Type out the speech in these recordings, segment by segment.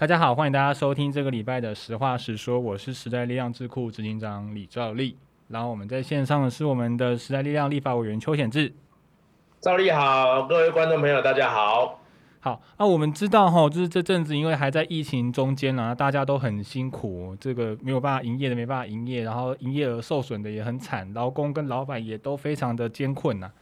大家好，歡迎大家收聽這個禮拜的實話實說，我是時代力量智庫執行長李兆立，然後我們在線上的是我們的時代力量立法委員邱顯智。兆立好，各位觀眾朋友，大家好。好，那、啊、我們知道哈、哦，就是這陣子因為還在疫情中間呢、啊，大家都很辛苦，這個沒有辦法營業的沒辦法營業，然後營業額受損的也很慘，勞工跟老闆也都非常的艱困吶、啊。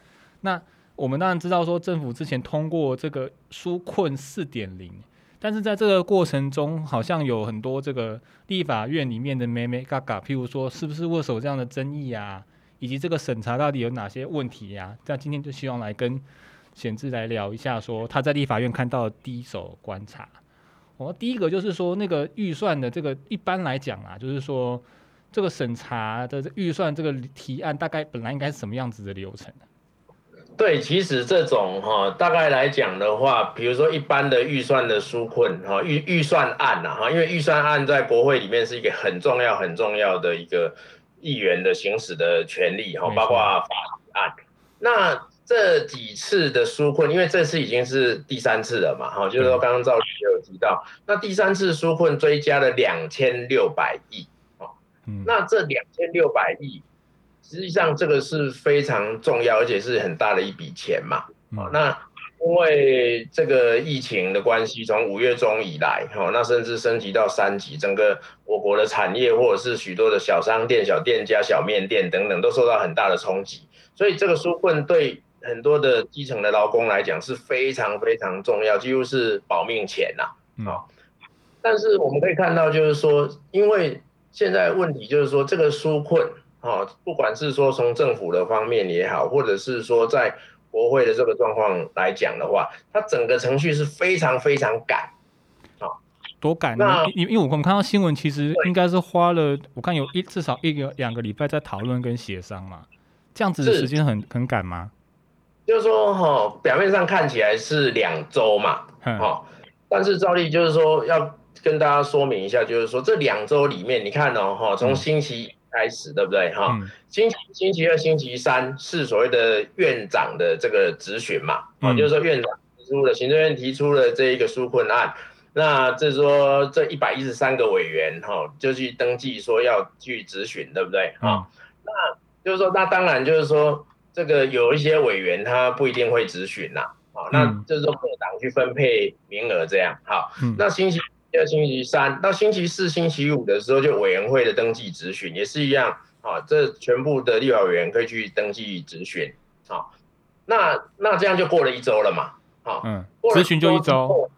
那我們當然知道說，政府之前通過這個紓困四點零。但是在這個過程中，好像有很多這個立法院裡面的咩咩嘎嘎，譬如說是不是握手這樣的爭議啊，以及這個審查到底有哪些問題呀、啊？那今天就希望來跟顯智來聊一下說，說他在立法院看到的第一手觀察。我、哦、第一個就是說，那個預算的這個一般來講啊，就是說這個審查的預算這個提案，大概本來應該是什麼樣子的流程？對，其實這種哈、哦，大概來講的話，比如說一般的預算的紓困哈、哦，預預算案吶、啊、哈，因為預算案在國會裡面是一個很重要很重要的一個議員的行使的權利哈、哦，包括法案。嗯、那這幾次的紓困，因為這次已經是第三次了嘛哈、哦，就是說剛剛兆立有提到，嗯、那第三次紓困追加了兩千六百億、哦嗯、那這兩千六百億。實際上，這個是非常重要，而且是很大的一筆錢嘛。嗯、那因為這個疫情的關係，從五月中以來、哦，那甚至升級到三級，整個我國的產業或者是許多的小商店、小店家、小麵店等等，都受到很大的衝擊。所以，這個紓困對很多的基層的勞工來講是非常非常重要，幾乎是保命錢吶、啊。嗯、好但是我們可以看到，就是說，因為現在問題就是說，這個紓困。啊、哦，不管是說從政府的方面也好，或者是說在國會的這個狀況來講的話，它整個程序是非常非常趕啊，哦、多趕呢？因為那因為我剛看到新聞，其實應該是花了對我看有一至少一個兩個禮拜在討論跟協商嘛，這樣子的時間很是很趕嗎？就是說哈、哦，表面上看起來是兩周嘛，好、嗯哦，但是照例就是說要跟大家說明一下，就是說這兩周裡面，你看哦，哈，從星期。開始對不對哈？嗯、星期星期二、星期三是所謂的院長的這個質詢嘛，啊、嗯，就是說院長提出了行政院提出了這一個紓困案，那就是說這一百一十三個委員哈，就去登記說要去質詢，對不對啊、嗯哦？那就是說，那當然就是說，這個有一些委員他不一定會質詢吶，啊，那就是說各黨去分配名額這樣，哈。嗯、那星期。星期三到星期四、星期五的時候，就委員會的登記質詢也是一樣啊、哦。這全部的立法委員可以去登記質詢、哦。那那這樣就過了一周了嘛？哦、嗯，質詢就一周，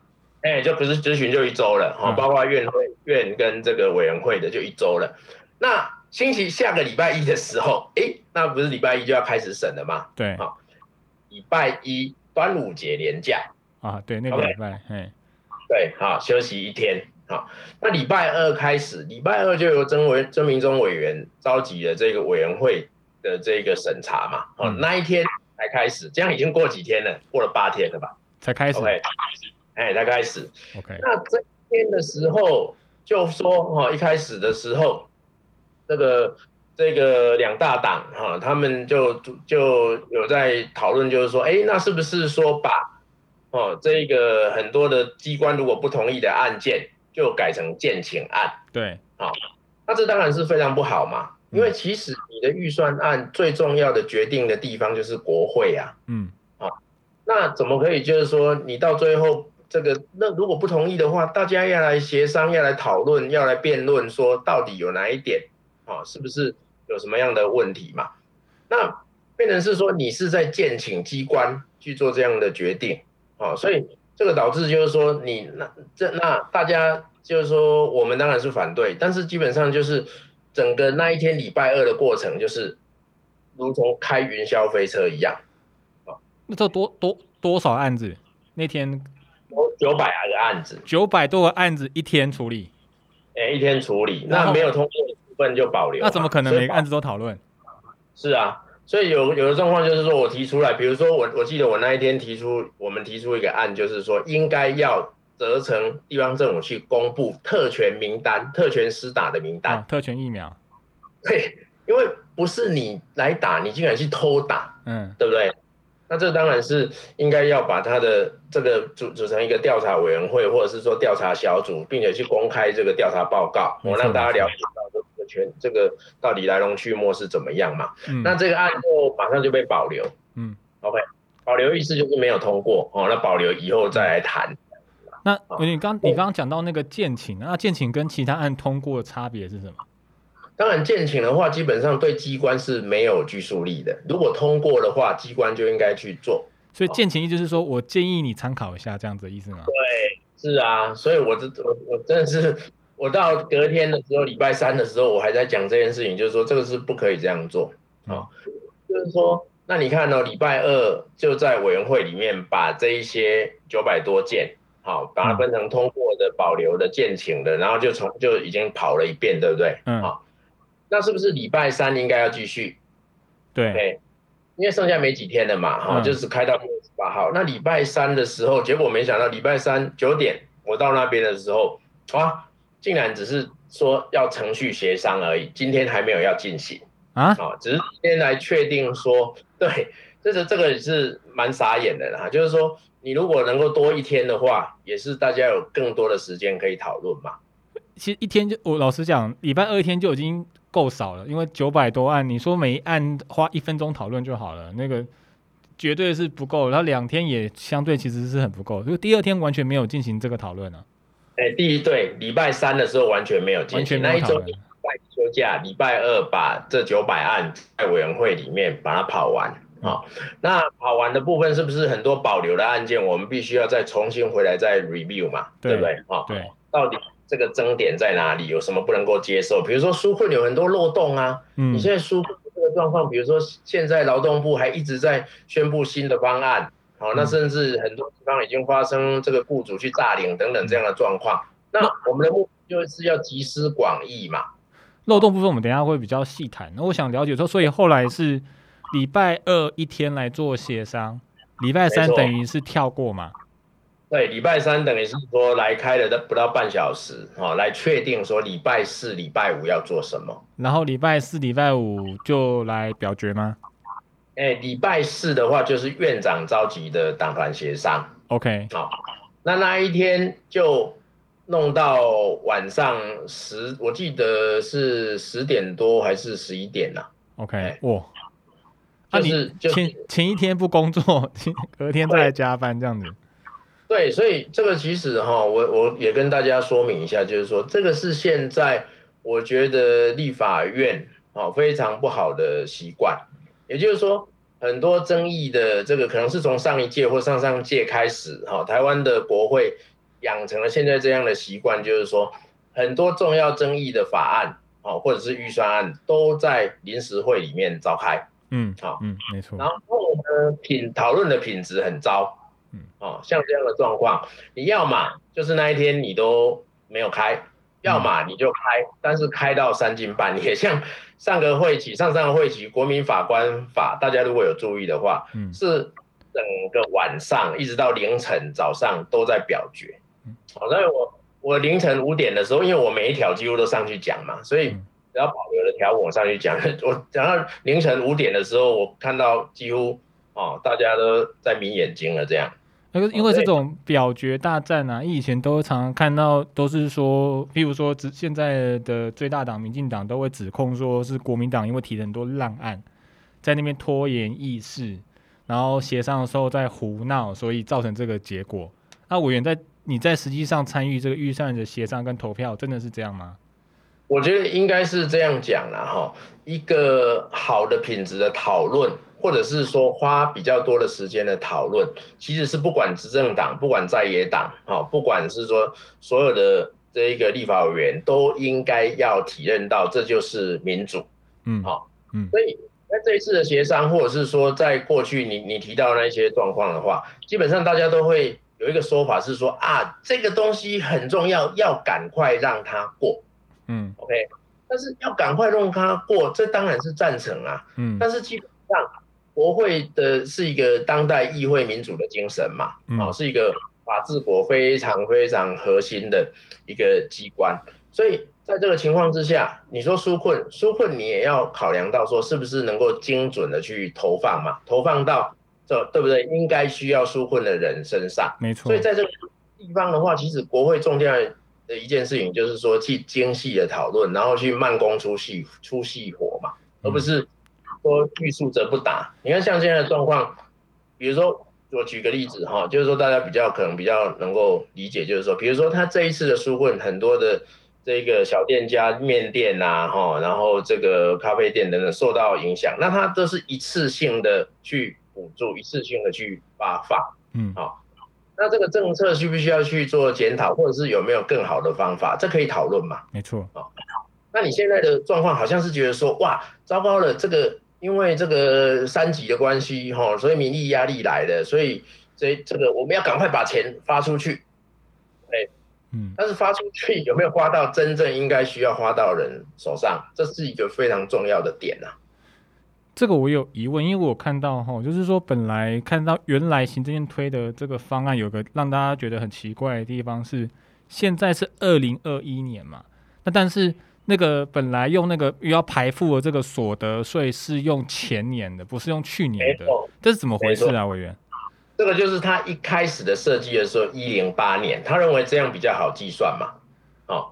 哎、欸，就不是質詢就一周了、哦嗯、包括院會、院跟這個委員會的就一周了。那星期下個禮拜一的時候，哎、欸，那不是禮拜一就要開始審了嗎？對、哦啊？對，好，禮拜一端午節連假啊，對那個禮拜，哎 Okay。對，好休息一天，好，那禮拜二開始，禮拜二就由曾委、曾銘宗委員召集的這個委員會的這個審查嘛，哦、嗯，那一天才開始，這樣已經過幾天了，過了八天了吧才 okay, 才、欸，才開始，哎 Okay，才開始，OK，那這一天的時候就說，哦，一開始的時候，這個這個兩大黨哈，他們就就有在討論，就是說，哎、欸，那是不是說把？哦，這個很多的機關如果不同意的案件，就改成建請案。對，好、哦，那這當然是非常不好嘛，因為其實你的預算案最重要的決定的地方就是國會啊。嗯，好、哦，那怎麼可以就是說你到最後這個，那如果不同意的話，大家要來協商，要來討論，要來辯論，說到底有哪一點哦，是不是有什麼樣的問題嘛？那變成是說你是在建請機關去做這樣的決定。哦，所以這個導致就是說你，你那這那大家就是說，我們當然是反對，但是基本上就是整個那一天禮拜二的過程，就是如同開雲霄飛車一樣。那、哦、這多多多少案子？那天有九百個案子，九百多個案子一天處理，哎、欸，一天處理，然後那沒有通過的部分就保留。那怎麼可能每個案子都討論？是啊。所以有有的狀況就是說，我提出來，比如說我我記得我那一天提出，我們提出一個案，就是說應該要責成地方政府去公布特權名單、特權施打的名單、哦、特權疫苗。對，因為不是你來打，你竟然去偷打，嗯，對不對？那這當然是應該要把他的這個組組成一個調查委員會，或者是說調查小組，並且去公開這個調查報告，我讓大家了解到。全這個到底來龍去脈是怎麼樣嘛？嗯、那這個案就馬上就被保留。嗯，OK，保留意思就是沒有通過哦。那保留以後再來談。嗯、吧那你剛、哦、你剛剛講到那個建請，那建請跟其他案通過的差別是什麼？當然建請的話，基本上對機關是沒有拘束力的。如果通過的話，機關就應該去做。所以建請意思就是說我建議你參考一下這樣子的意思嗎？對，是啊。所以我這我我真的是。我到隔天的時候，禮拜三的時候，我還在講這件事情，就是說這個是不可以這樣做，啊、哦，就是說，那你看哦，禮拜二就在委員會裡面把這一些九百多件，好，把它分成通過的、嗯、保留的、建請的，然後就從就已經跑了一遍，對不對？嗯好，那是不是禮拜三應該要繼續？對，okay. 因為剩下沒幾天了嘛，哈、嗯哦，就是開到八號。那禮拜三的時候，結果沒想到禮拜三九點我到那邊的時候，啊。竟然只是說要程序協商而已，今天還沒有要進行啊、哦？只是今天來確定說，對，這、就是這個也是蠻傻眼的啦。就是說，你如果能夠多一天的話，也是大家有更多的時間可以討論嘛。其實一天就，我老實講，禮拜二一天就已經夠少了，因為九百多案，你說每一案花一分鐘討論就好了，那個絕對是不夠。然後兩天也相對其實是很不夠，就第二天完全沒有進行這個討論啊。哎、欸，第一對，禮拜三的時候完全沒有進去，那，那一周禮拜休假，禮拜二把這九百案在委員會裡面把它跑完啊、哦。那跑完的部分是不是很多保留的案件，我們必須要再重新回來再 review 嘛？對，對不對啊？哦、對，到底這個爭點在哪裡？有什麼不能夠接受？比如說紓困有很多漏洞啊，嗯、你現在紓困這個狀況，比如說現在勞動部還一直在宣布新的方案。好、哦，那甚至很多地方已經發生這個雇主去詐領，等等這樣的狀況。那我們的目的就是要集思廣益嘛。漏洞部分我們等一下會比較細談。那我想了解說，所以後來是禮拜二一天來做協商，禮拜三等於是跳過嘛？對，禮拜三等於是說來開了都不到半小時，哦，來確定說禮拜四、禮拜五要做什麼。然後禮拜四、禮拜五就來表決嗎？哎，禮拜四的話就是院長召集的黨團協商。OK，好、哦，那那一天就弄到晚上十，我記得是十點多還是十一點呢、啊、？OK，、哎、哇，就是、啊、前、就是、前一天不工作，隔天再來加班這樣子。對，所以這個其實哈、哦，我我也跟大家說明一下，就是說這個是現在我覺得立法院哦，非常不好的習慣。也就是說，很多爭議的這個可能是從上一屆或上上屆開始，哈、哦，台灣的國會養成了現在這樣的習慣，就是說，很多重要爭議的法案，哦，或者是預算案，都在臨時會裡面召開，嗯，好、哦，嗯，沒錯，然後呢，品討論的品質很糟，嗯，哦，像這樣的狀況，你要嘛，就是那一天你都沒有開。要嘛你就開，但是開到三更半夜，像上個會期、上上個會期，國民法官法，大家如果有注意的話，嗯、是整個晚上一直到凌晨早上都在表決。好、嗯，所以我我凌晨五點的時候，因為我每一條幾乎都上去講嘛，所以只要保留的條我上去講。我講到凌晨五點的時候，我看到幾乎哦，大家都在眯眼睛了，這樣。因為是這種表決大戰啊，以前都常常看到，都是說，譬如說，現在的最大黨民進黨都會指控說，是國民黨因為提了很多爛案，在那邊拖延議事，然後協商的時候在胡鬧，所以造成這個結果。那、啊、委員在你在實際上參與這個預算的協商跟投票，真的是這樣嗎？我覺得應該是這樣講啦，哈，一個好的品質的討論，或者是說花比較多的時間的討論，其實是不管執政黨，不管在野黨，哈，不管是說所有的這一個立法委員，都應該要體認到這就是民主，嗯，好，嗯，所以在這一次的協商，或者是說在過去你你提到那些狀況的話，基本上大家都會有一個說法是說啊，這個東西很重要，要趕快讓它過。嗯，OK，但是要趕快弄它過，這當然是贊成啊。嗯，但是基本上，國會的是一個當代議會民主的精神嘛，啊、嗯哦，是一個法治國非常非常核心的一個機關。所以在這個情況之下，你說紓困，紓困你也要考量到說，是不是能夠精準的去投放嘛？投放到這對不對？應該需要紓困的人身上，沒錯。所以在這個地方的話，其實國會中間的一件事情就是說去精細的討論，然後去慢工出細出細活嘛，而不是說欲速則不達。你看像現在的狀況，比如說我舉個例子哈、哦，就是說大家比較可能比較能夠理解，就是說，比如說他這一次的紓困，很多的這個小店家麵店啊，哈、哦，然後這個咖啡店等等受到影響，那他都是一次性的去補助，一次性的去發放，哦、嗯，好。那這個政策需不需要去做檢討，或者是有沒有更好的方法？這可以討論嘛？沒錯啊，哦。那你現在的狀況好像是覺得說，哇，糟糕了，這個因為這個三級的關係，哦，所以民意壓力來的，所以所以這個我們要趕快把錢發出去。嗯，但是發出去有沒有花到真正應該需要花到人手上？這是一個非常重要的點啊。這個我有疑問，因為我有看到哈、哦，就是說本來看到原來行政院推的這個方案，有個讓大家覺得很奇怪的地方是，現在是二零二一年嘛，那但是那個本來用那個要排富的這個所得稅是用前年的，不是用去年的，沒錯，這是怎麼回事啊，委員，沒錯？這個就是他一開始的設計的時候一零八年，他認為這樣比較好計算嘛，哦，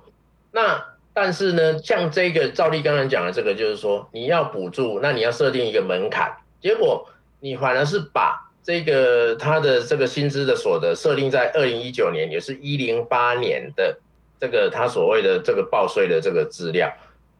那。但是呢，像這個兆立，剛剛講的這個，就是說你要補助，那你要設定一個門檻，結果你反而是把這個他的這個薪資的所得設定在二零一九年，也是一零八年的這個他所謂的這個報稅的這個資料。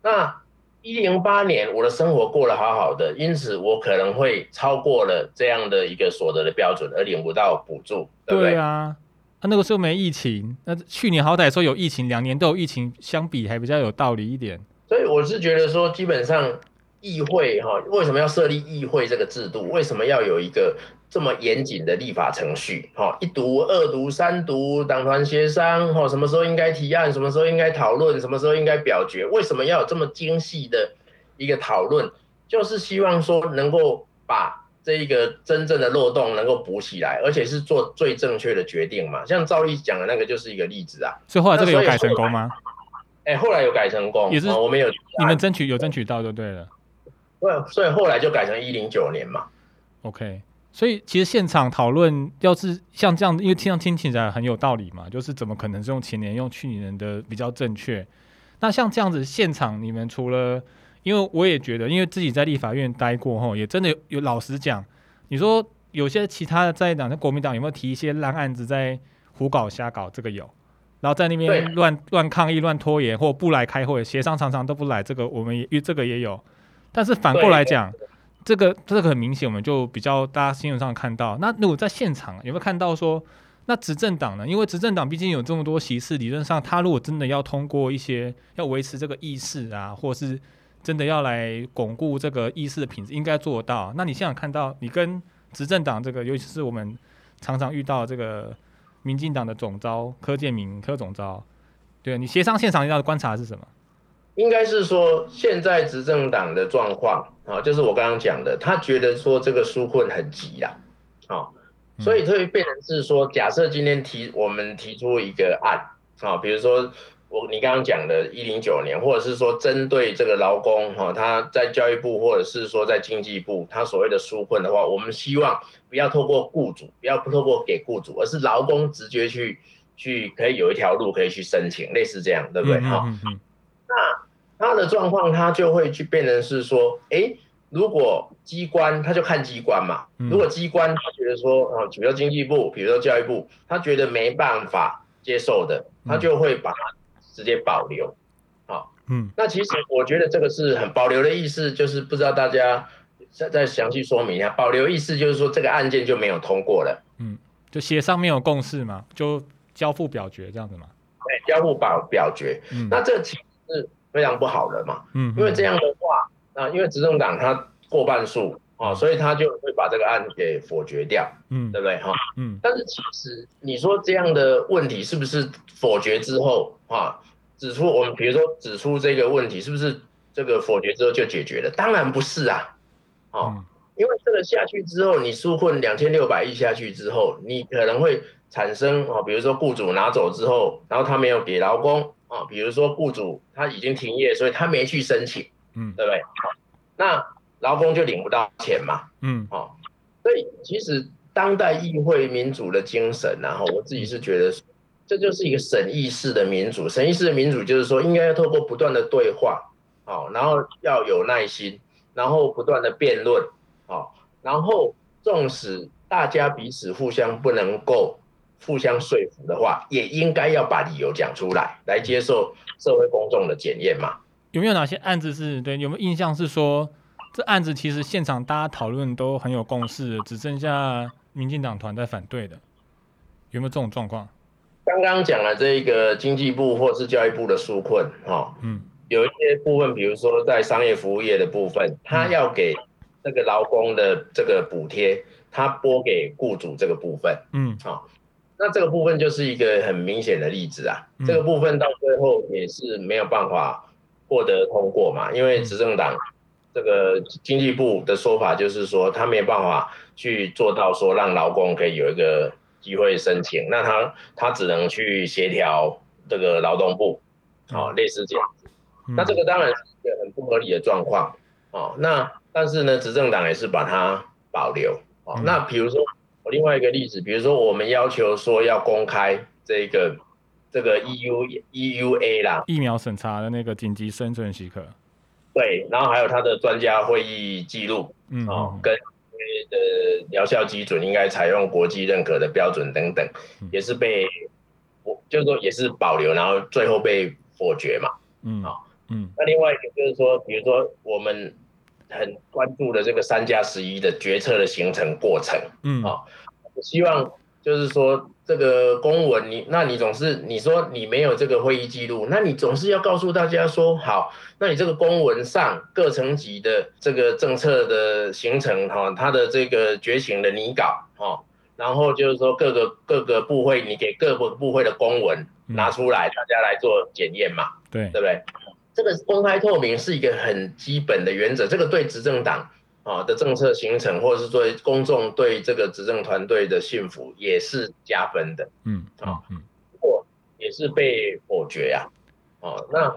那一零八年我的生活過得好好的，因此我可能會超過了這樣的一個所得的標準而領不到補助，對不對？對啊。他、啊、那個時候沒疫情，那去年好歹說有疫情，兩年都有疫情，相比還比較有道理一點。所以我是覺得說，基本上議會哈、哦，為什麼要設立議會這個制度？為什麼要有一個這麼嚴謹的立法程序？哈、哦，一讀、二讀、三讀，黨團協商，哈、哦，什麼時候應該提案，什麼時候應該討論，什麼時候應該表決？為什麼要有這麼精細的一個討論？就是希望說能夠把。這一個真正的漏洞能夠補起來，而且是做最正確的決定嘛。像兆立講的那個就是一個例子啊。所以後來這個有改成功嗎？哎，後來有改成功也是我們有，你們爭取，有爭取到就對了。對，所以後來就改成一零九年嘛。OK，所以其實現場討論要是像這樣，因為聽上聽起來很有道理嘛，就是怎麼可能是用前年、用去年的比較正確？那像這樣子現場，你們除了……因為我也覺得，因為自己在立法院待過後，也真的有，有老實講，你說有些其他的在黨，的國民黨有沒有提一些爛案子在胡搞瞎搞？這個有，然後在那邊亂對亂抗議、亂拖延或不來開會協商，常常都不來。這個我們也這個也有。但是反過來講，這個這個很明顯，我們就比較大家新聞上看到。那如果在現場有沒有看到說，那執政黨呢？因為執政黨畢竟有這麼多席次，理論上他如果真的要通過一些要維持這個議事啊，或是。真的要來鞏固這個議事的品質，應該做到。那你現場看到，你跟執政黨這個，尤其是我們常常遇到這個民進黨的總召柯建銘、柯總召，對你協商現場遇到的觀察是什麼？應該是說，現在執政黨的狀況啊，就是我剛剛講的，他覺得說這個紓困很急了啊、哦，所以特別變成是說，假設今天提我們提出一個案啊、哦，比如說。我你剛剛講的一零九年，或者是說針對這個勞工哈、哦，他在教育部或者是說在經濟部，他所謂的紓困的話，我們希望不要透過雇主，不要不透過給雇主，而是勞工直接去去可以有一條路可以去申請，類似這樣，對不對？哈、嗯嗯嗯哦，那他的狀況他就會去變成是說，誒如果機關他就看機關嘛，如果機關他覺得說啊，主、哦、要經濟部，比如說教育部，他覺得沒辦法接受的，他就會把。直接保留，好、哦，嗯，那其實我覺得這個是很保留的意思，就是不知道大家再再詳細說明一下，保留意思就是說這個案件就沒有通過了，嗯，就協商沒有共識嘛，就交付表決這樣子嘛。對，交付表表決，嗯、那這其實是非常不好的嘛，嗯哼，因為這樣的話，啊，因為執政黨它過半數。哦、所以他就會把這個案給否決掉，嗯，對不對哈？哦、嗯，但是其實你說這樣的問題是不是否決之後啊，指出我們比如說指出這個問題是不是這個否決之後就解決了？當然不是啊，哦，嗯、因為這個下去之後，你紓困兩千六百億下去之後，你可能會產生、啊、比如說雇主拿走之後，然後他沒有給勞工、啊、比如說雇主他已經停業，所以他沒去申請，嗯，對不對？那。勞工就領不到錢嘛，嗯，哦，所以其實當代議會民主的精神，啊，然後我自己是覺得，這就是一個審議式的民主。審議式的民主就是說，應該要透過不斷的對話，哦，然後要有耐心，然後不斷的辯論，哦，然後縱使大家彼此互相不能夠互相說服的話，也應該要把理由講出來，來接受社會公眾的檢驗嘛。有沒有哪些案子是對？有沒有印象是說？這案子其實現場大家討論都很有共識，只剩下民進黨團在反對的，有沒有這種狀況？剛剛講了這一個經濟部或是教育部的紓困，哈，哦，嗯，有一些部分，比如說在商業服務業的部分，他要給這個勞工的這個補貼，他撥給雇主這個部分，嗯，好，哦，那這個部分就是一個很明顯的例子啊，嗯，這個部分到最後也是沒有辦法獲得通過嘛，因為執政黨，嗯。這個經濟部的說法就是說，他沒有辦法去做到說讓勞工可以有一個機會申請，那他他只能去協調這個勞動部，啊、哦，嗯、類似這樣，那這個當然是一個很不合理的狀況哦，那但是呢，執政黨也是把它保留哦，嗯、那比如說我另外一個例子，比如說我們要求說要公開這個這個 EU EUA 啦，疫苗審查的那個緊急生存許可。對，然後還有他的專家會議記錄，嗯，哦，跟呃療效基準應該採用國際認可的標準等等，嗯、也是被我就是說也是保留，然後最後被否決嘛嗯，嗯，啊，嗯，那另外一個就是說，比如說我們很關注的這個三加十一的決策的形成過程，嗯，啊、哦，希望就是說。這個公文，你那你總是你說你沒有這個會議記錄，那你總是要告訴大家說好，那你這個公文上各層級的這個政策的形成哈，它的這個決策的擬稿哈，然後就是說各個各個部會你給各個部會的公文拿出來，嗯、大家來做檢驗嘛，對對不對？這個公開透明是一個很基本的原則，這個對執政黨。啊、的政策形成，或者是對公眾對這個執政團隊的信服也是加分的。嗯，啊，啊嗯，不過也是被否決呀、啊。哦、啊，那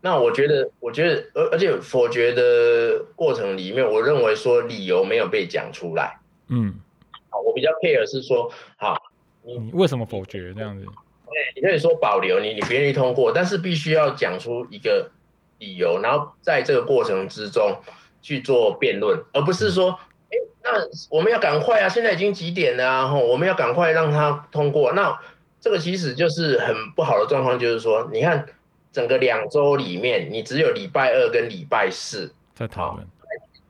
那我覺得，我覺得，而而且否決的過程裡面，我認為說理由沒有被講出來。嗯，好、啊，我比較 care 是說，好、啊，你、嗯、為什麼否決這樣子？對、欸，你可以說保留你，你不願意通過，但是必須要講出一個理由，然後在這個過程之中。去做辯論，而不是說，欸、那我們要趕快啊，現在已經幾點了、啊，吼，我們要趕快讓他通過。那這個其實就是很不好的狀況，就是說，你看整個兩周裡面，你只有禮拜二跟禮拜四在討論，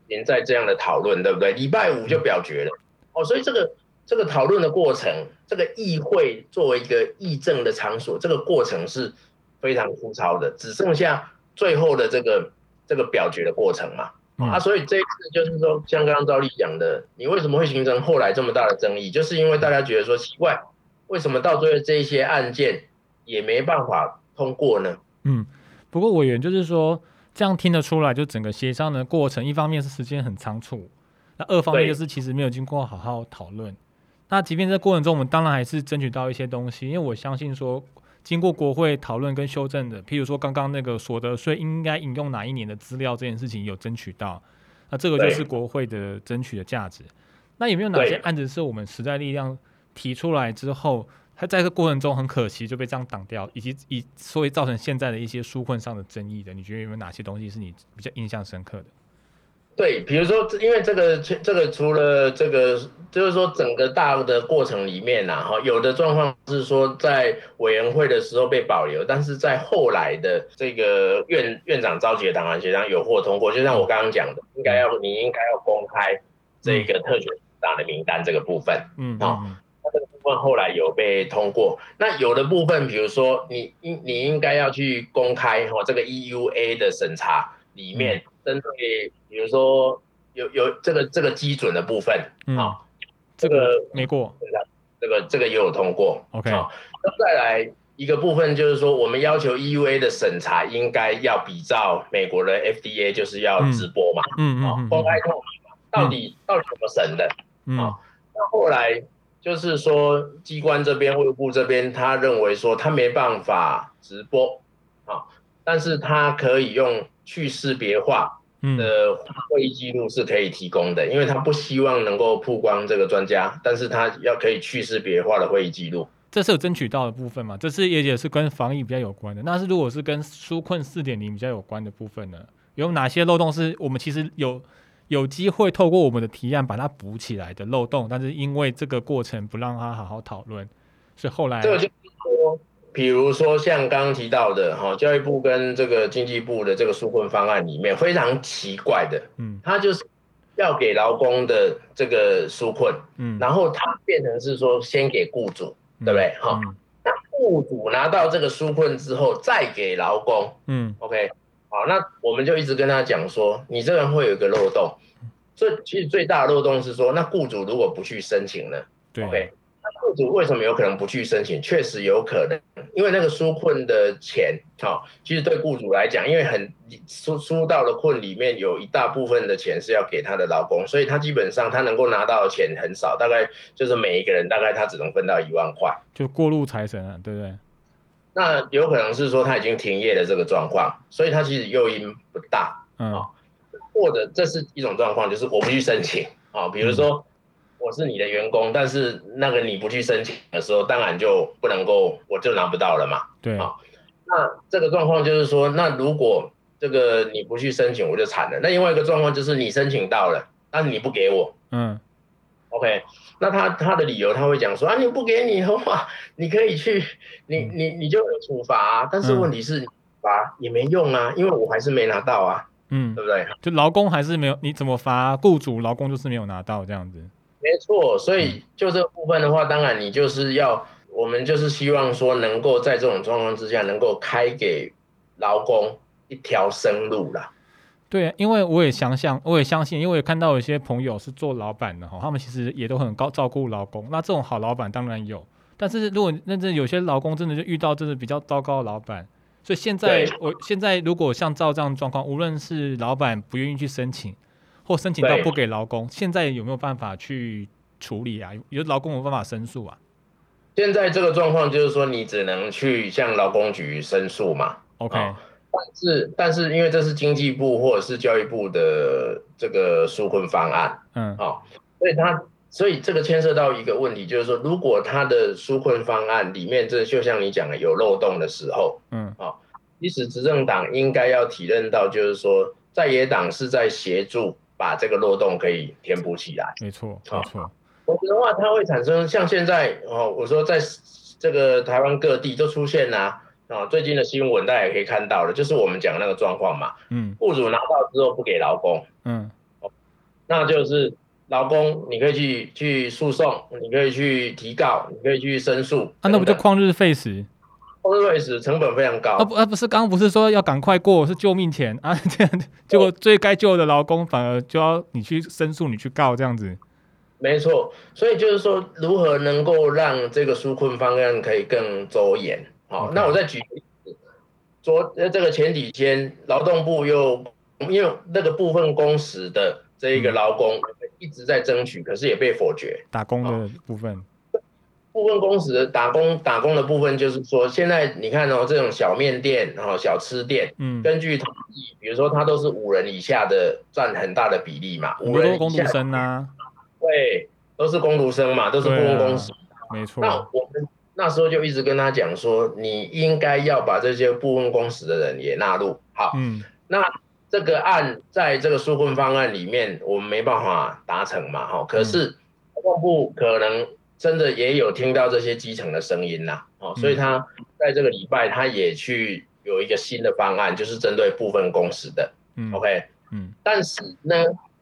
連在這樣的討論，對不對？禮拜五就表決了，嗯、哦，所以這個這個討論的過程，這個議會作為一個議政的場所，這個過程是非常粗糙的，只剩下最後的這個這個表決的過程嘛。嗯、啊，所以這一次就是說，像剛剛兆立講的，你為什麼會形成後來這麼大的爭議？就是因為大家覺得說奇怪，為什麼到最後這一些案件也沒辦法通過呢？嗯，不過委員就是說，這樣聽得出來，就整個協商的過程，一方面是時間很倉促，那二方面就是其實沒有經過好好討論。對那即便在過程中，我們當然還是爭取到一些東西，因為我相信說。經過國會討論跟修正的，譬如說剛剛那個所得稅應該引用哪一年的資料這件事情，有爭取到，那這個就是國會的爭取的價值。對那有沒有哪些案子是我們時代力量提出來之後，它對在這個過程中很可惜就被這樣擋掉，以及以所以造成現在的一些紓困上的爭議的？你覺得有沒有哪些東西是你比較印象深刻的？對，比如說，因為這個，這個除了這個，就是說，整個大的過程裡面呢，哈，有的狀況是說，在委員會的時候被保留，但是在後來的這個院院長召集的黨團協商有獲通過。就像我剛剛講的，應該要，你應該要公開這個特選黨的名單這個部分，嗯，好、哦，那這個部分後來有被通過。那有的部分，比如說，你應你應該要去公開，哈、哦，這個 EUA 的審查裡面。嗯針對比如說有有這個這個基準的部分好，這個沒過，這個這個也有通過，OK、啊。那再來一個部分就是說，我們要求 EUA 的審查應該要比照美國的 FDA，就是要直播嘛，嗯、啊、嗯公開透明嘛，嗯嗯嗯、到底、嗯、到底怎麼審的？好、嗯，那、啊、後來就是說機關這邊衛福部這邊他認為說他沒辦法直播啊，但是他可以用去識別化。嗯，的會議記錄是可以提供的，因為他不希望能夠曝光這個專家，但是他要可以去識別化的會議記錄。這是有爭取到的部分嘛？這是也也是跟防疫比較有關的，那是如果是跟紓困四點零比較有關的部分呢？有哪些漏洞是我們其實有有機會透過我們的提案把它補起來的漏洞？但是因為這個過程不讓他好好討論，所以後來。比如說像剛剛提到的哈，教育部跟這個經濟部的這個紓困方案裡面非常奇怪的，嗯，他就是要給勞工的這個紓困，嗯，然後他變成是說先給僱主，嗯、對不對？哈，嗯、那僱主拿到這個紓困之後再給勞工，嗯，OK，好，那我們就一直跟他講說，你這個會有一個漏洞，所以其實最大的漏洞是說，那僱主如果不去申請呢？對。OK? 雇主為什麼有可能不去申請？確實有可能，因為那個紓困的錢、喔，其實對雇主來講，因為很輸輸到了困裡面，有一大部分的錢是要給他的勞工，所以他基本上他能夠拿到的錢很少，大概就是每一個人大概他只能分到一萬塊，就過路財神啊，對不對，對？那有可能是說他已經停業的這個狀況，所以他其實誘因不大，嗯、喔、或者這是一種狀況，就是我不去申請啊、喔，比如說、嗯。我是你的員工，但是那個你不去申請的時候，當然就不能夠，我就拿不到了嘛。對啊，那這個狀況就是說，那如果這個你不去申請，我就慘了。那另外一個狀況就是你申請到了，但是你不給我，嗯，OK，那他他的理由他會講說啊，你不給你的話，你可以去，你你你就有處罰啊，但是問題是你罰也沒用啊，因為我還是沒拿到啊，嗯，對不對？就勞工還是沒有，你怎麼罰雇主，勞工就是沒有拿到這樣子。沒錯，所以就這部分的話，嗯、當然你就是要，我們就是希望說，能夠在這種狀況之下，能夠開給勞工一條生路啦。對、啊，因為我也想想，我也相信，因為我也看到有些朋友是做老闆的哈，他們其實也都很高照顧勞工。那這種好老闆當然有，但是如果那真有些勞工真的就遇到真的比較糟糕的老闆，所以現在對、我現在如果像照這樣狀況，無論是老闆不願意去申請。或申請到不給勞工，對現在有沒有辦法去處理啊？有勞工有，沒有辦法申訴啊？現在這個狀況就是說，你只能去向勞工局申訴嘛。OK，、哦、但是但是因為這是經濟部或者是教育部的這個紓困方案，嗯，好、哦，所以他所以這個牽涉到一個問題，就是說，如果他的紓困方案裡面，這就像你講的有漏洞的時候，嗯，啊、哦，其實執政黨應該要體認到，就是說，在野黨是在協助。把這個漏洞可以填補起來，沒錯，沒錯、啊。我覺得的話它會產生像現在哦，我說在這個台灣各地就出現啦、啊。啊、哦，最近的新聞大家也可以看到了，就是我們講那個狀況嘛，嗯，雇主拿到之後不給勞工，嗯、哦，那就是勞工你可以去去訴訟，你可以去提告，你可以去申訴，啊，那不就曠日費時。都是 r 成本非常高啊，不啊，不是，剛剛不是說要趕快過是救命錢啊這樣， 結果最該救的勞工反而就要你去申訴，你去告這樣子。沒錯，所以就是說如何能夠讓這個紓困方案可以更周延？好、哦，Okay. 那我再舉例子，昨呃這個前幾天勞動部又因為那個部分工時的這一個勞工一直在爭取，嗯、可是也被否決。打工的部分。哦部分工時的打工打工的部分就是說，現在你看哦，這種小麵店然後、哦、小吃店，嗯，根據統計，比如說他都是五人以下的占很大的比例嘛，五人以下工讀生啊對，都是工讀生嘛，都是部分工時，啊、沒錯。那我們那時候就一直跟他講說，你應該要把這些部分工時的人也納入。好，嗯，那這個案在這個紓困方案裡面，我們沒辦法達成嘛，哈、哦，可是勞動部可能。真的也有聽到這些基層的聲音啦，哦，所以他在這個禮拜他也去有一個新的方案，就是針對部分工時的，嗯，OK，嗯，但是呢，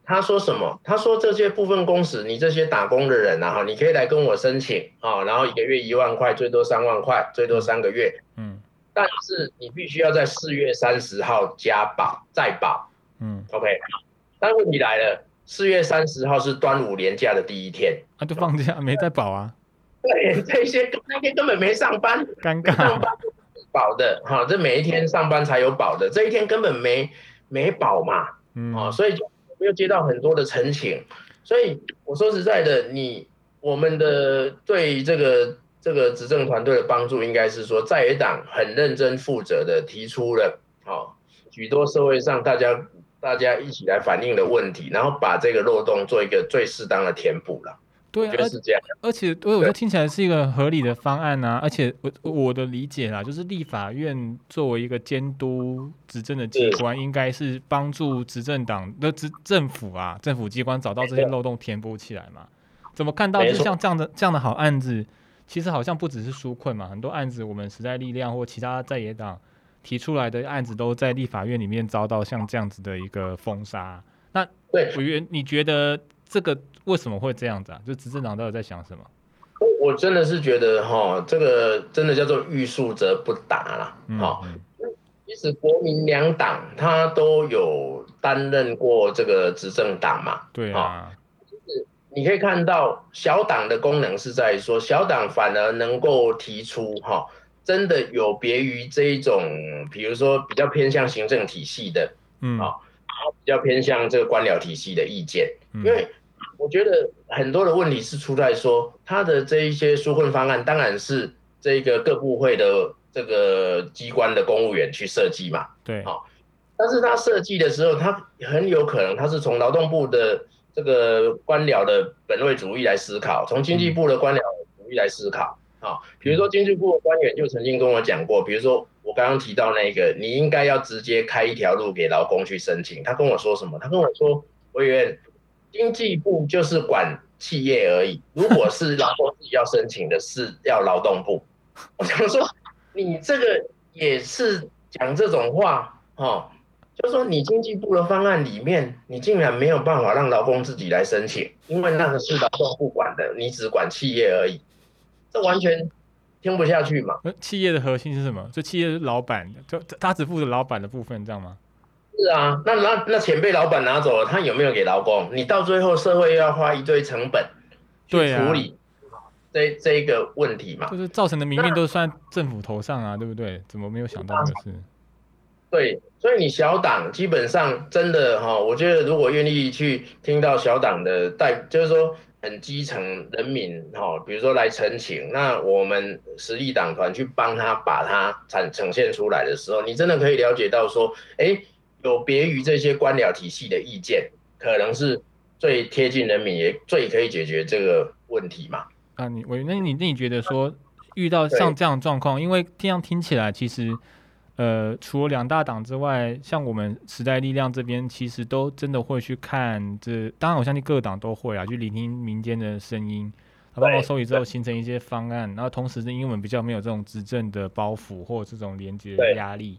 他說什麼？他說這些部分工時，你這些打工的人呢，你可以來跟我申請啊，然後一個月一萬塊，最多三萬塊，最多三個月，嗯，但是你必須要在四月三十號加保再保，嗯，OK，但問題來了。四月三十號是端午連假的第一天他、啊、就放假沒在保啊？對，這些那天根本沒上班，尷尬。保的哈、哦，這每一天上班才有保的，這一天根本沒沒保嘛。嗯。啊、哦，所以就沒有接到很多的陳情，所以我說實在的，你我們的對這個這個執政團隊的幫助，應該是說在野黨很認真負責的提出了，好、哦、許多社會上大家。大家一起來反映的問題，然後把這個漏洞做一個最適當的填補了。對，就是這樣。而且，對，我覺得聽起來是一個合理的方案啊。對而且，我我的理解啦，就是立法院作為一個監督執政的機關，對應該是幫助執政黨的政府啊，政府機關找到這些漏洞填補起來嘛。怎麼看到，就像這樣的錯這樣的好案子，其實好像不只是紓困嘛，很多案子我們時代力量或其他在野黨。提出來的案子都在立法院裡面遭到，像這樣子的一個封殺。那對，委員你覺得這個為什麼會這樣子啊？就執政黨到底在想什麼？我真的是覺得哈，這個真的叫做欲速則不達啦。好、嗯嗯，其實國民兩黨他都有擔任過這個執政黨嘛。對啊，你可以看到小黨的功能是在於說，小黨反而能夠提出哈。真的有別於這一種，比如說比較偏向行政體系的，嗯，好，比較偏向這個官僚體系的意見，嗯，因為我覺得很多的問題是出在說他的這一些紓困方案，當然是這個各部會的這個機關的公務員去設計嘛，對，好，但是他設計的時候，他很有可能他是從勞動部的這個官僚的本位主義來思考，從經濟部的官僚主義來思考。嗯好、哦，比如說經濟部的官員就曾經跟我講過，比如說我剛剛提到那個，你應該要直接開一條路給勞工去申請。他跟我說什麼？他跟我說，委員，經濟部就是管企業而已。如果是勞工自己要申請的，是要勞動部。 我想說，你這個也是講這種話，哦，就說你經濟部的方案裡面，你竟然沒有辦法讓勞工自己來申請，因為那個是勞動部管的，你只管企業而已。完全聽不下去嘛？那企業的核心是什麼？就企業是老闆，就他只負責老闆的部分，知道嗎？是啊，那那那錢被老闆拿走了，他有沒有給勞工？你到最後社會又要花一堆成本去處理對、啊、這這一個問題嘛？就是造成的，民怨都算政府頭上啊，那對不對？怎麼沒有想到這個事？對，所以你小黨基本上真的哈、哦，我覺得如果願意去聽到小黨的代，就是說。很基層人民，哈，比如說來陳情，那我們時力黨團去幫他把他呈現出來的時候，你真的可以了解到說，哎、欸，有別於這些官僚體系的意見，可能是最貼近人民，也最可以解決這個問題嘛。啊，你我，那你那你覺得說，遇到像這樣狀況，對因為這樣聽起來其實。呃，除了兩大黨之外，像我們時代力量這邊，其實都真的會去看這。當然，我相信各黨都會啊，去聆聽民間的聲音，然後幫忙收集之後形成一些方案，對然後同時因為我們比較沒有這種執政的包袱或者這種連接的壓力，對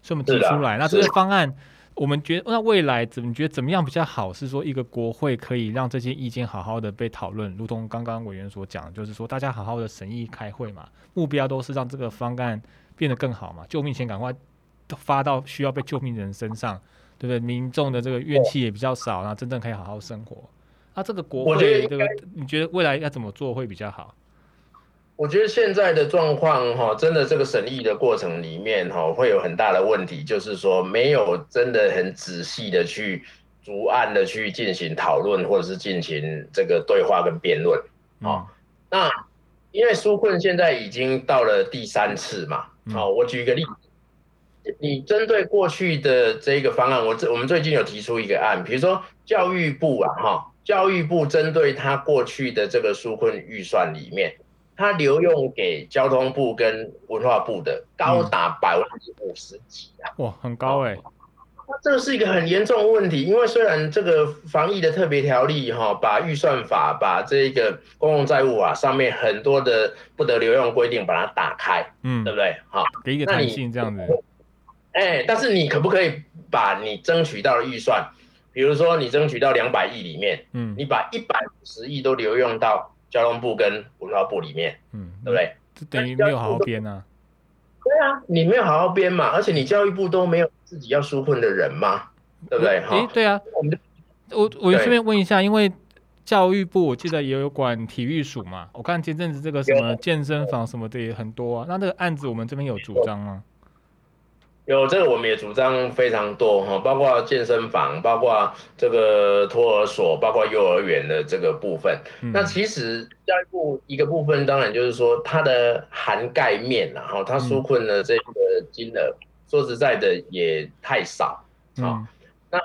所以我們提出來。啊、那這些方案，是我們覺得那未來怎麼你覺得怎麼樣比較好？是說一個國會可以讓這些意見好好的被討論，如同剛剛委員所講，就是說大家好好的審議開會嘛，目標都是讓這個方案。變得更好嘛，救命錢趕快發到需要被救命的人身上，對不對？民眾的這個怨氣也比較少，哦、然後真正可以好好生活。那、啊、這個國會，我覺得對不對？你覺得未來要怎麼做會比較好？我覺得現在的狀況哈、哦，真的這個審議的過程裡面哈、哦，會有很大的問題，就是說沒有真的很仔細的去逐案的去進行討論，或者是進行這個對話跟辯論。啊、哦，那因為紓困現在已經到了第三次嘛。嗯、好，我舉一個例子，你針對過去的這個方案，我這，我們最近有提出一個案，比如說教育部啊，哈，教育部針對他過去的這個紓困預算裡面，他留用給交通部、跟文化部的高達百分之五十幾啊，嗯、哇，很高哎、欸。這個是一個很嚴重的問題，因為雖然這個防疫的特別條例哈、哦，把預算法、把這個公共債務法，上面很多的不得流用規定把它打開，嗯，對不對？好，給一個彈性這樣子。哎、欸，但是你可不可以把你爭取到的預算，比如說你爭取到兩百億裡面，嗯，你把一百五十億都流用到交通部跟文化部裡面，嗯，對不對？這等於沒有好好編啊。對啊，你沒有好好編嘛，而且你教育部都沒有自己要紓困的人嘛，對不對？哈、欸，對啊，我們我我順便問一下，因為教育部我記得也有管體育署嘛，我看前陣子這個什麼健身房什麼的也很多啊，那這個案子我們這邊有主張嗎？有，這個我們也主張非常多哈，包括健身房，包括這個托兒所，包括幼兒園的這個部分。嗯、那其實教育部一個部分當然就是說它的涵蓋面，然後它紓困的這個金額，嗯、說實在的也太少。嗯、好，那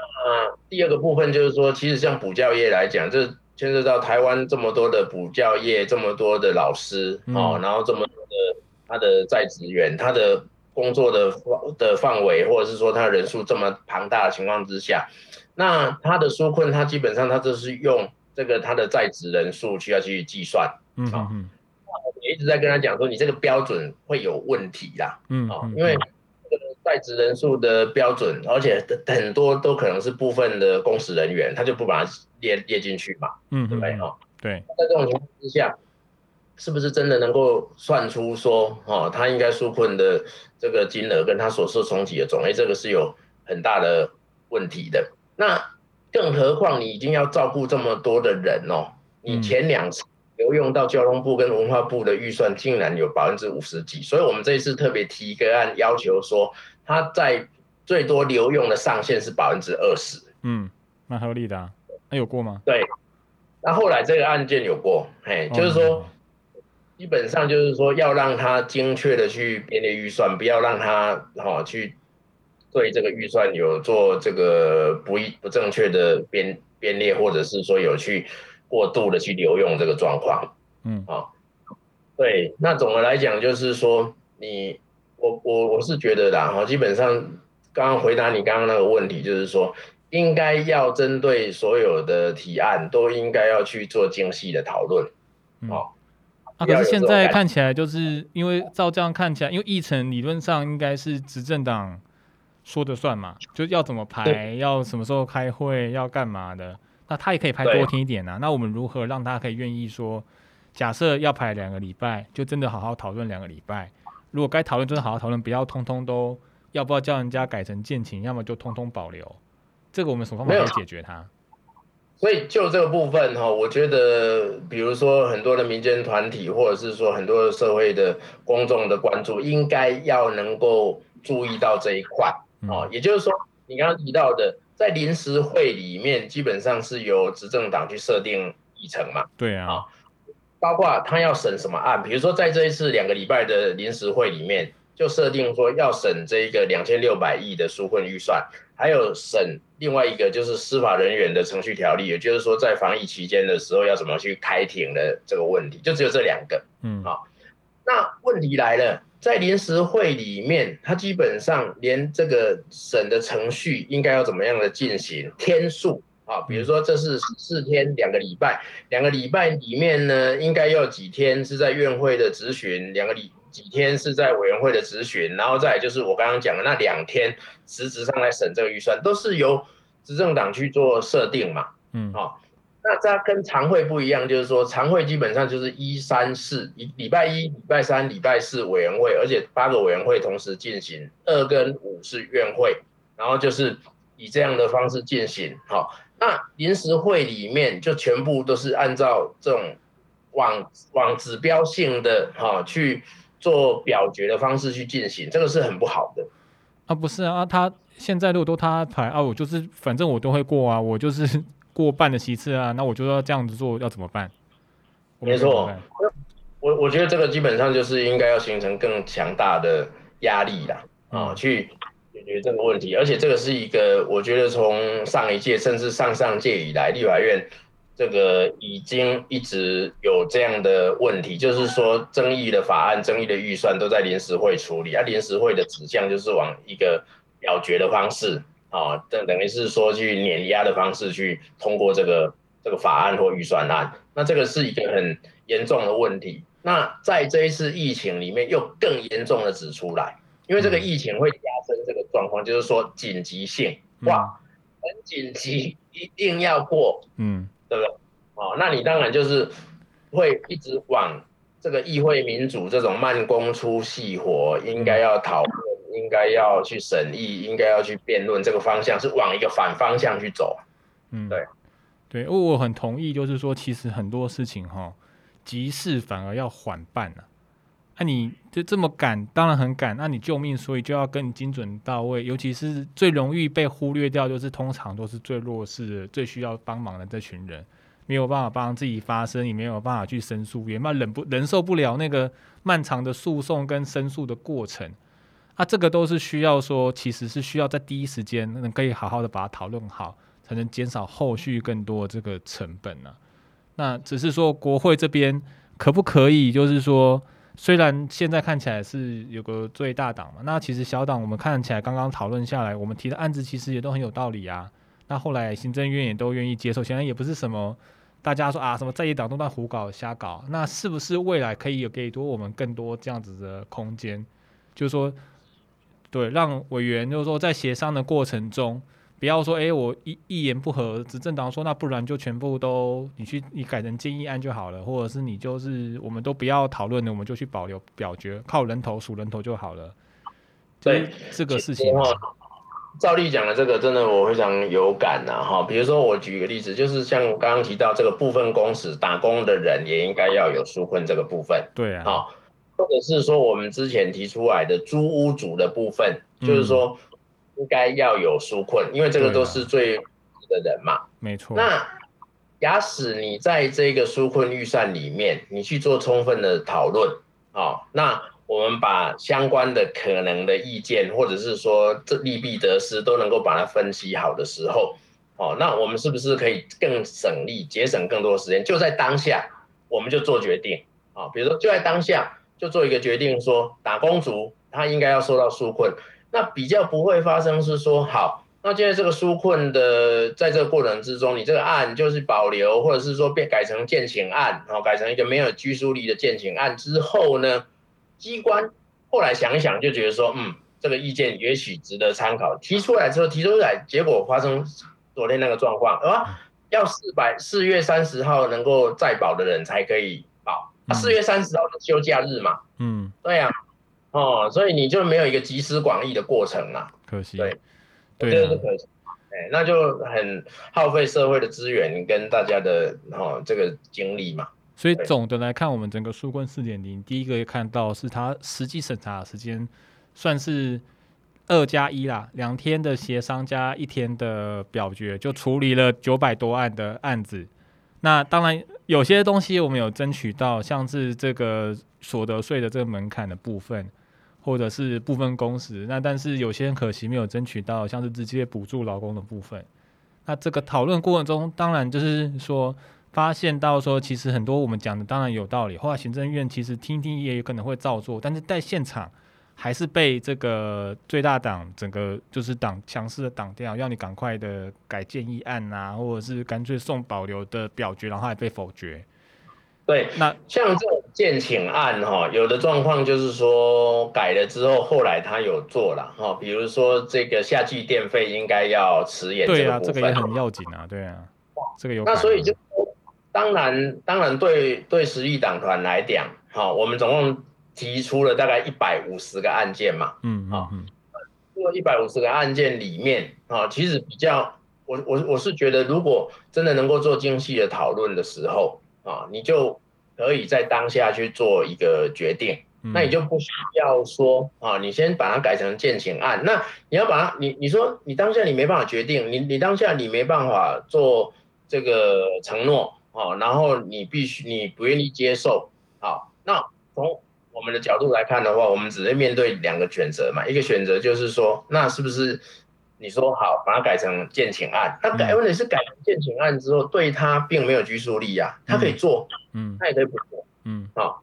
第二個部分就是說，其實像補教業來講，這牽涉到台灣這麼多的補教業，這麼多的老師哦，嗯、然後這麼多的他的在職員，他的。工作的範的範圍，或者是說他人數這麼龐大的情況之下，那他的紓困，他基本上他就是用這個他的在職人數需要去計算，嗯哼、啊，我一直在跟他講說，你這個標準會有問題啦，嗯哼，啊，因為在職人數的標準，而且很多都可能是部分的公司人員，他就不把它列列進去嘛，嗯哼，對不對？哈、啊，對，那在這種情況之下，是不是真的能夠算出說，哦，他應該紓困的這個金額跟他所受衝擊的種類，這個是有很大的問題的。那更何況你已經要照顧這麼多的人哦，你前兩次流用到交通部跟文化部的預算，竟然有百分之五十幾，所以我們這一次特別提一個案要求說，他在最多流用的上限是百分之二十。嗯，蠻合理的啊。那、欸、有過嗎？對，那後來這個案件有過，哎、欸，oh、my 就是說。基本上就是說，要讓他精確的去編列預算，不要讓他哈、哦、去對這個預算有做這個不不正確的編編列，或者是說有去過度的去流用這個狀況，哦、嗯啊，對。那總的來講，就是說你，你我我我是覺得啦哈，基本上剛剛回答你剛剛那個問題，就是說，應該要針對所有的提案，都應該要去做精細的討論，啊、嗯。哦啊，可是現在看起來，就是因為照這樣看起來，因為議程理論上應該是執政黨說的算嘛，就要怎麼排，要什麼時候開會，要幹嘛的，那他也可以排多聽一點吶、啊。那我們如何讓他可以願意說，假設要排兩個禮拜，就真的好好討論兩個禮拜，如果該討論就真的好好討論，不要通通都，要不要叫人家改成建情，要麼就通通保留，這個我們什麼方法可以解決它？所以就這個部分哈，我覺得，比如說很多的民間團體，或者是說很多的社會的公眾的關注，應該要能夠注意到這一塊啊。也就是說，你剛剛提到的，在臨時會裡面，基本上是由執政黨去設定議程嘛？對啊，包括他要審什麼案，比如說在這一次兩個禮拜的臨時會裡面。就設定說要審這一個兩千六百億的紓困預算，還有審另外一個就是司法人員的程序條例，也就是說在防疫期間的時候要怎麼去開庭的這個問題，就只有這兩個。嗯，好、哦，那問題來了，在臨時會裡面，他基本上連這個審的程序應該要怎麼樣的進行天數啊、哦，比如說這是十四天兩個禮拜，兩個禮拜裡面呢，應該要幾天是在院會的質詢，兩個禮。幾天是在委員會的質詢，然後再就是我剛剛講的那兩天，實質上來審這個預算，都是由執政黨去做設定嘛。嗯，好、哦，那它跟常會不一樣，就是說常會基本上就是一三四，一禮拜一、禮拜三、禮拜四委員會，而且八個委員會同時進行。二跟五是院會，然後就是以這樣的方式進行。好、哦，那臨時會裡面就全部都是按照這種往往指標性的，哈、哦、去。做表決的方式去進行，這個是很不好的啊！不是啊，啊他現在如果都他排啊，我就是反正我都會過啊，我就是過半的席次啊，那我就要這樣子做，要怎麼辦？沒錯，我我覺得這個基本上就是應該要形成更強大的壓力啦，啊、嗯，去解決這個問題。而且這個是一個，我覺得從上一屆甚至上上屆以來，立法院。這個已經一直有這樣的問題，就是說爭議的法案、爭議的預算都在臨時會處理，而、啊、臨時會的指向就是往一個表決的方式啊，這等於是說去碾壓的方式去通過這個這個法案或預算案。那這個是一個很嚴重的問題。那在這一次疫情裡面，又更嚴重的指出來，因為這個疫情會加深這個狀況，嗯、就是說緊急性、嗯、哇，很緊急，一定要過，嗯。對不對哦，那你當然就是會一直往這個議會民主這種慢工出細活，應該要討論，應該要去審議，應該要去辯論，這個方向是往一個反方向去走。嗯，對，對，因為我很同意，就是說，其實很多事情哈、哦，急事反而要緩辦、啊那、啊、你就這麼趕，當然很趕。那、啊、你救命，所以就要更精準到位。尤其是最容易被忽略掉，就是通常都是最弱勢的、最需要幫忙的這群人，沒有辦法幫自己發聲，也沒有辦法去申訴，也怕忍不忍受不了那個漫長的訴訟跟申訴的過程。啊，這個都是需要說，其實是需要在第一時間能可以好好的把它討論好，才能減少後續更多的這個成本呢、啊。那只是說，國會這邊可不可以，就是說？雖然現在看起來是有個最大黨嘛，那其實小黨我們看起來剛剛討論下來，我們提的案子其實也都很有道理啊。那後來行政院也都願意接受，顯然也不是什麼大家說啊什麼在野黨都在胡搞瞎搞。那是不是未來可以有給多我們更多這樣子的空間？就是說，對，讓委員就是說在協商的過程中。不要說，哎、欸，我一一言不合，執政黨說，那不然就全部都你去，你改成建議案就好了，或者是你就是，我們都不要討論了，我們就去保留表決，靠人頭數人頭就好了。對這個事情，兆立講的這個真的我非常有感啊哈、哦。比如說我舉一個例子，就是像剛剛提到這個部分，公司打工的人也應該要有紓困這個部分，對啊、哦，或者是說我們之前提出來的租屋主的部分，就是說。應該要有紓困，因為這個都是最的人嘛。啊、沒錯。那假使你在這個紓困預算裡面，你去做充分的討論，好、哦，那我們把相關的可能的意見，或者是說這利弊得失，都能夠把它分析好的時候，哦，那我們是不是可以更省力，節省更多時間？就在當下，我們就做決定啊、哦。比如說，就在當下就做一個決定說，說打工族他應該要受到紓困。那比較不會發生是說，好，那現在這個紓困的，在這個過程之中，你這個案就是保留，或者是說變改成踐行案，然、哦、後改成一個沒有拘束力的踐行案之後呢，機關後來想一想就覺得說，嗯，這個意見也許值得參考，提出來之後提出來，結果發生昨天那個狀況、啊，要四百四月三十號能夠再保的人才可以保，四、嗯、月三十號是休假日嘛？嗯，對呀、啊哦，所以你就沒有一個集思廣益的過程啦，可惜，對，對，那就很耗費社會的資源跟大家的哦這個精力嘛。所以總的來看，對我們整個“紓困四點零”，第一個看到是他實際審查的時間算是二加一啦，兩天的協商加一天的表決，就處理了九百多案的案子。那當然有些東西我們有爭取到，像是這個所得稅的這個門檻的部分。或者是部分工時，那但是有些人可惜沒有爭取到，像是直接補助勞工的部分。那這個討論過程中，當然就是說，發現到說，其實很多我們講的當然有道理，後來行政院其實聽聽也有可能會照做，但是在現場還是被這個最大黨整個就是黨強勢的擋掉，要你趕快的改建議案啊，或者是乾脆送保留的表決，然後還被否決。對，那像這種建請案哈、哦，有的狀況就是說改了之後，後來他有做了哈、哦，比如說這個夏季電費應該要遲延。對啊，這個也很要緊啊，對啊，哦、這個有。那所以就是、當然，當然對對黨團，時力黨團來講，哈，我們總共提出了大概一百五十個案件嘛，嗯啊、嗯，嗯，這個一百五十個案件裡面啊、哦，其實比較，我我我是覺得，如果真的能夠做精細的討論的時候。啊、哦，你就可以在當下去做一個決定，嗯、那你就不需要說啊、哦，你先把它改成踐行案。那你要把它，你你說你當下你沒辦法決定，你你當下你沒辦法做這個承諾哦，然後你必須你不願意接受啊、哦。那從我們的角度來看的話，我們只能面對兩個選擇嘛，一個選擇就是說，那是不是？你說好把它改成建請案，他改問題、嗯欸、是改成建請案之後，對他並沒有拘束力呀、啊，他可以做，嗯，他也可以不做、嗯，嗯，好、哦，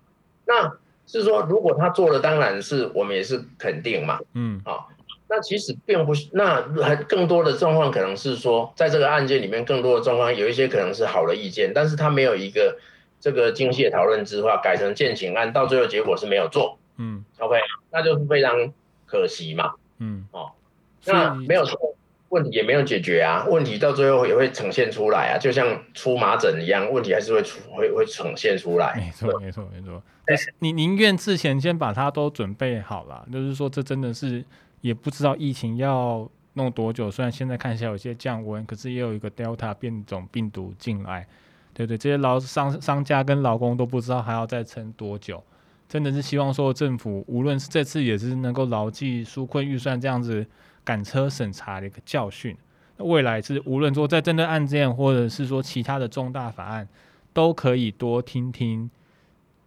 那是說如果他做了，當然是我們也是肯定嘛，嗯，好、哦，那其實並不是，那還更多的狀況可能是說，在這個案件裡面更多的狀況有一些可能是好的意見，但是他沒有一個這個精細討論之後改成建請案，到最後結果是沒有做，嗯，OK，那就是非常可惜嘛，嗯，好、哦。那沒有錯，問題也沒有解決啊，問題到最後也會呈現出來啊，就像出麻疹一樣，問題還是會出，會會呈現出來。沒錯，對，沒錯，沒錯。但是你寧願之前先把它都準備好了啊，就是說這真的是也不知道疫情要弄多久。雖然現在看起來有些降溫，可是也有一個 Delta 變種病毒進來，對，對對，這些勞商商家跟勞工都不知道還要再撐多久，真的是希望說政府無論是這次也是能夠牢記紓困預算這樣子。趕車審查的一個教訓，未來是無論說在針對案件，或者是說其他的重大法案，都可以多聽聽。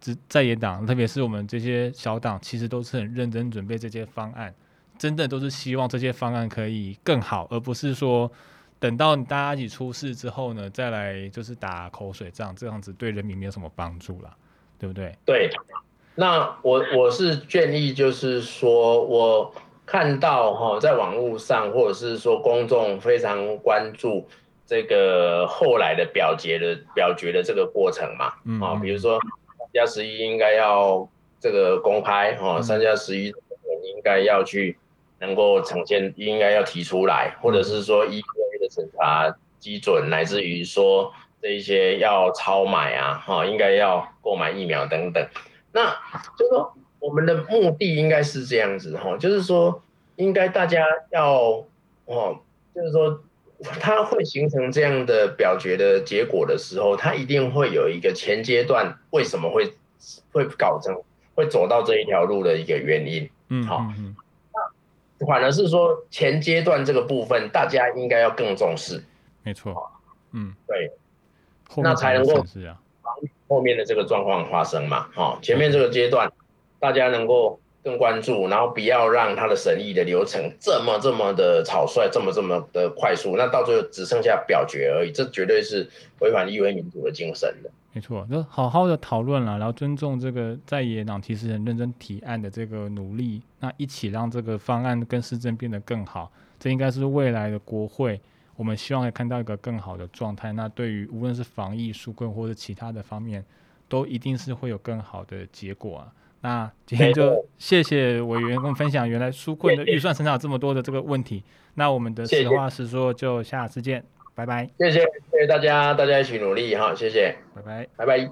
只在野黨，特別是我們這些小黨，其實都是很認真準備這些方案，真的都是希望這些方案可以更好，而不是說等到大家一起出事之後呢，再來就是打口水仗，這樣子對人民沒有什麼幫助了，對不對？對，那我我是建議，就是說我。看到哈，在網絡上或者是說公眾非常關注這個後來的表決的表決的這個過程嘛，啊，嗯嗯、比如說三加十一應該要這個公開哦，三加十一應該要去能夠呈現，應該要提出來，或者是說 EUA 的審查基準，乃至於說這一些要超買啊，哈，應該要購買疫苗等等，那就是說。我們的目的應該是這樣子哈、哦，就是說，應該大家要，哦，就是說，它會形成這樣的表決的結果的時候，它一定會有一個前階段，為什麼會，會搞成，會走到這一條路的一個原因，嗯，好、哦，嗯，那反而是說前階段這個部分，大家應該要更重視，沒錯，哦、嗯，嗯對，那才能夠，防止後面的這個狀況發生嘛，哦，前面這個階段。嗯大家能夠更關注，然後不要讓他的審議的流程這麼這麼的草率，這麼這麼的快速，那到最後只剩下表決而已，這絕對是違反議會民主的精神的。沒錯，那好好的討論啦，然後尊重這個在野黨其實很認真提案的這個努力，那一起讓這個方案跟施政變得更好，這應該是未來的國會，我們希望可以看到一個更好的狀態。那對於無論是防疫、紓困或者其他的方面，都一定是會有更好的結果啊。那今天就謝謝委員跟我們分享原來紓困的預算減少這麼多的這個問題。那我們的實話實說就下次見，拜拜。謝謝，謝謝大家，大家一起努力哈，謝謝，拜拜，拜拜。